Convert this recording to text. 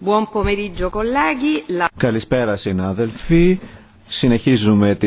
Buon pomeriggio, colleghi. Καλησπέρα, συνάδελφοι. Συνεχίζουμε τη